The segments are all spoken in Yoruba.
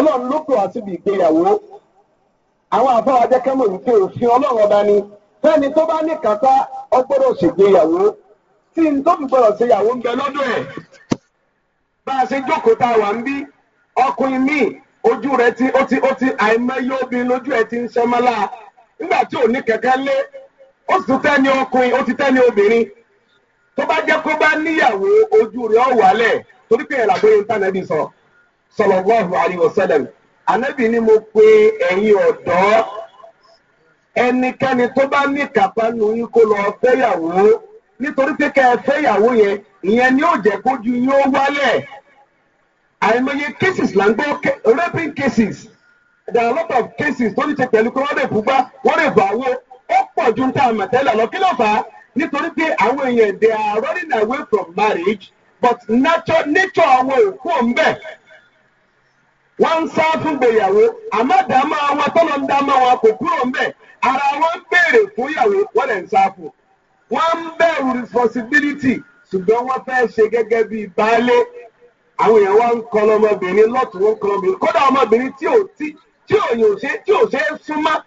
ọlọ́run ló pè wá síbi ìgbéyàwó àwọn àfọwọ́ ajẹ́ kẹ́mọ̀ òfin ọlọ́run ọba tó bá ní kápá ọgbọ́dọ̀ ṣègbéyàwó tí n tó fi gbọ́dọ̀ ṣèyàwó ń bẹ lọ́dọ̀ ẹ̀ bá a ṣe wà ń ti ó ti ó ti àìmọye obìnrin lójú ẹ ti ń ṣe mọ́lá nígbà tí ò ní kẹ̀kẹ́ ọkùnrin ó ti obìnrin tó bá jẹ́ kó bá níyàwó ojú ọ̀ wálẹ̀ torí pé ẹ̀ sọlọ́gbọ́ọ̀fù àríwọ̀sẹ́lẹ̀m ànábì ni mo pe ẹ̀yin ọ̀dọ́ ẹnikẹ́ni tó bá ní kàpá nu yín kó lọ fẹ́yàwó nítorí pé ká ẹ fẹ́yàwó yẹn ìyẹn ni ó jẹ́ kójú yín ó wálẹ̀ àìmọye cases là ń gbọ́ raping cases there are a lot of cases tó ní ṣe pẹ̀lú pé wọ́n lè fúgbá wọ́n lè bọ̀ àwo ó pọ̀ ju ń tà àmọ̀tẹ́lẹ̀ lọ kí ló fà á nítorí pé àwọn èèyàn they are running away from marriage but nature nature àwọn òkú ò ń bẹ̀ wọn sá fún gbèyàwó àmọdàmọ àwọn tọnà ń dámọ wọn kò kúrò mbẹ ara wọn béèrè fún wọn lè ń sá fún wọn responsibility ṣùgbọ́n wọn fẹ́ẹ́ ṣe gẹ́gẹ́ bíi baálé àwọn èèyàn wa kọlọ ọmọbìnrin kódà ọmọbìnrin tí ò tí àwọn èèyàn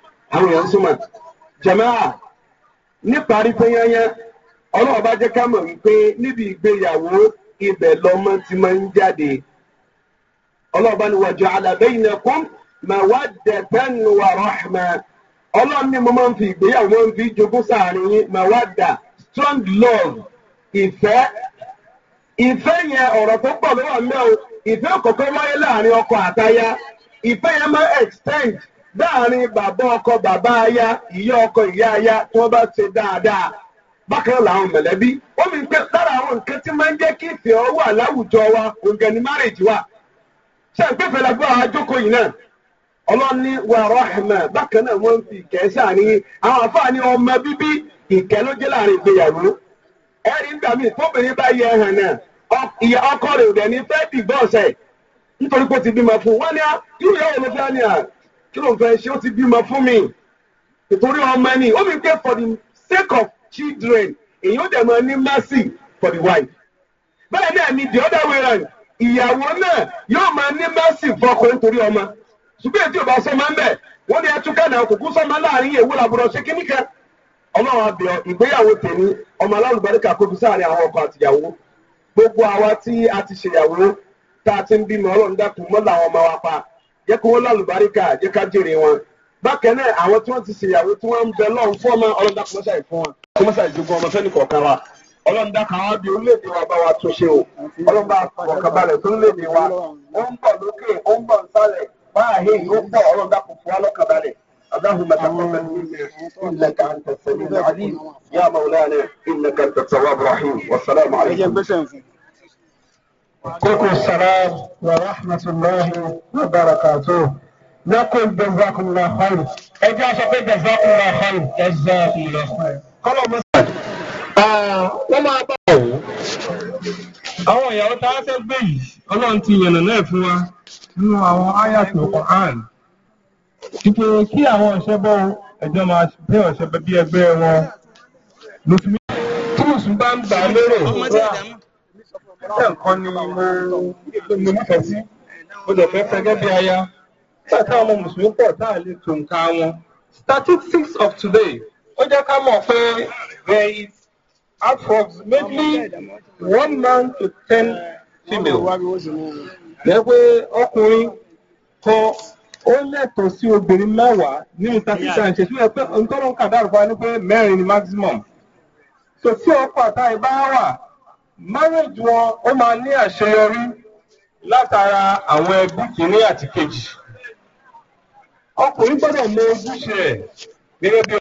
ọlọ́ọ̀bá ọlọ́ọ̀bá ni wàjọ alábẹ́yìnàkùn màwádẹ́tẹ́n wà rọ́ọ̀mà ọlọ́run ni mo máa ń fi ìgbéyàwó máa ń fi jogún sáàrin yín màwádà strong love ìfẹ́ ìfẹ́ yẹn ọ̀rọ̀ tó pọ̀ lọ́wọ́ mi ò ìfẹ́ kọ̀ọ̀kan wáyé láàrin ọkọ àtaya ìfẹ́ yẹn máa extend láàrin bàbá ọkọ bàbá aya ìyá ọkọ ìyá aya tí wọ́n bá ṣe dáadáa bákan làwọn mọ̀lẹ́bí ó mi pẹ́ lára àwọn nǹkan tí máa ń jẹ́ kí ìfẹ́ wà láwùjọ wa òǹgẹ̀ ni márèjì wà ṣe àgbẹ̀fẹ̀ làgbọ́ àjókòó yìí náà ọlọ́ni wà rọ́ọ̀hìmẹ̀ bákan náà wọ́n fi ìkẹ́ sáàní àwọn àfáàní ọmọ bíbí ìkẹ́ ló jẹ́ láàrin ìgbéyàwó ẹ̀rí ń dàmí tóbìnrin bá yẹ ẹ̀hàn náà ìyá ọkọ rẹ̀ ò dẹ̀ ní fẹ́ dìgbọ́ọ̀sẹ̀ nítorí pé ó ti bímọ fún wọn ní à yóò yẹ òun fẹ́ ní à ah? kí ló ń fẹ́ ṣe ó ti bímọ fún mi nítorí ọmọ ẹni ó mi pé for the sake of children èyí ó dẹ̀ mọ ní mercy for the wife bẹ́ẹ̀ náà ni the other way round ìyàwó náà yóò máa ní mẹ́sì ọkụ nítorí ọmọ ṣùgbọ́n èdè ò bá sọmọ ń bẹ̀ wọ́n ní ẹtúkẹ́ náà kò kú sọmọ láàrin èwo làbúrò ṣe kíní kan ọlọ́run abẹ́ ìgbéyàwó tèmi ọmọ alálùbáríkà kó fi sáàrin àwọn ọkọ àtìyàwó gbogbo àwa tí a ti ṣèyàwó tá a ti ń bímọ ọlọ́run ọmọ wa pa jẹ́ kí wọ́n jẹ́ ká jèrè wọn ti ṣèyàwó tí ọmọ wọn ọlọ́run dákan wá bí orílẹ̀-èdè wa bá wa tún ṣe o ọlọ́run bá fọkànbalẹ̀ tó ń lè ní wa ó ń bọ̀ lókè ó ń bọ̀ nsàlẹ̀ máa hẹ́ yìí ó ń bọ̀ ọlọ́run dákan fún wa lọ́kànbalẹ̀ اللهم تقبل منا انك انت السميع العليم يا مولانا انك انت التواب الرحيم والسلام عليكم عليكم السلام ورحمة الله وبركاته نقول جزاكم الله خير اجا شكرا جزاكم الله خير جزاكم الله خير Ah, wọ́n máa bá ọ̀wọ́. àwọn ìyàwó tá a fẹ́ gbé yìí ọlọ́run ti yànnà náà fún wa nínú àwọn ayàtò Quran wípé kí àwọn ìṣẹ́bọ ẹ̀jọ́ máa fẹ́ ọ̀ṣẹ́bẹ bí ẹgbẹ́ wọn lóṣùmí. tí mùsùlùmí bá ń gbà lérò wá nǹkan ni mo nífẹ̀ẹ́ sí mo lè fẹ́ fẹ́ gẹ́gẹ́ bí aya táwọn ọmọ mùsùlùmí pọ̀ tá a lè tó nǹka wọn. statistics of today ó jẹ́ ká mọ̀ pé there is approximately one man to ten females. Jẹ́ pé ọkùnrin kan ó lẹ́tọ̀ọ́ sí obìnrin mẹ́wàá ní intercession ṣe tí wọ́n pẹ́ ntọ́rọ̀ ń kàdá àrùfá ni pé mẹ́rin ni maximum. So tí ọkọ àtàyè bá wà, marriage wọn ó máa ní àṣeyọrí látara àwọn ẹbí kìíní àti kejì. Ọkùnrin gbọ́dọ̀ mọ ojúṣe ẹ̀ gẹ́gẹ́ bí